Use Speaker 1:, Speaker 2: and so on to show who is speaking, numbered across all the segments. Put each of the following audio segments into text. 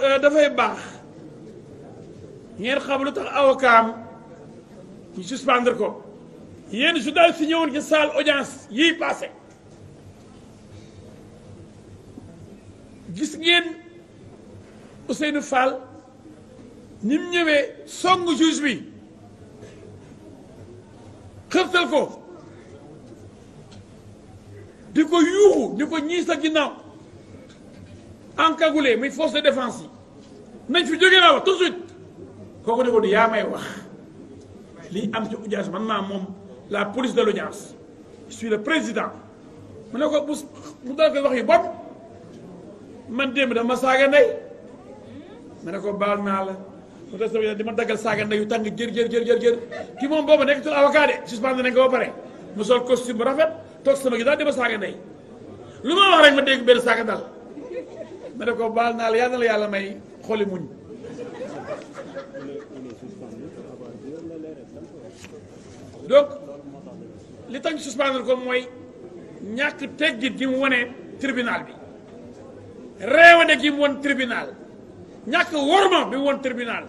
Speaker 1: Euh, dafay baax ngeen xam lu tax avocat ñu suspendre ko yéen journaliste si ñëwoon ci salle audience yii passé gis ngeen Ousseynou Fall ni mu ñëwee song juge bi xërtal ko di ko yuuxu di ko ñii sa ginnaaw encagoulé muy force de défense yi nañ fi jógee laa wax tout de suite yaa may wax lii am ci audience man maa moom la police de l'audience je suis le président mu ne ko bu mu dal koy wax yu bon man démb dama saaga ndey ma ne ko baal naa la mu des sama di ma daggal saaga yu tàng jër jër jër jër ki moom boobu nekk tul avocat de suspendé nañ ko pare mu sol costume bu rafet toog sama gi daal di ma lu ma wax rek ma dégg benn saaga dal ma ko baal naa la yàlla na may xoli muñ donc li tax ñu suspendre ko mooy ñàkk teggit gi mu wone tribunal bi réewande gi mu won tribunal ñàkk worma bi mu won tribunal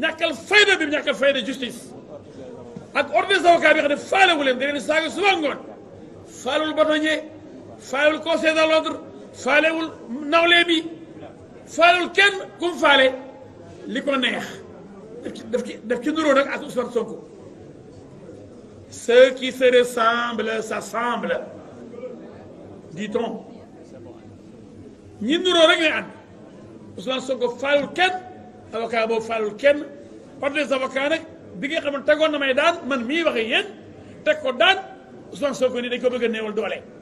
Speaker 1: ñàkkal fayda bi mu ñàkkal fayda justice ak ordre des avocats bi xam ne faalewu leen da ngeen saaga suba ngoon faalul bâtonnier faalul conseil de l'ordre faalewul nawle bi faalewul kenn kum faale li ko neex daf ci daf ci daf ci nuróo nag ak Ousmane Sonko ceux qui se ressemblent s'assemblent dit-on ñi nuróo rek lay ànd Ousmane Sonko faalewul kenn avocat boobu faalewul kenn par des avocats nag bi nga xam ne tegoon na may daan man mii waxe yéen teg ko daan Ousmane Sonko nii dañ ko bëgg a néewal doole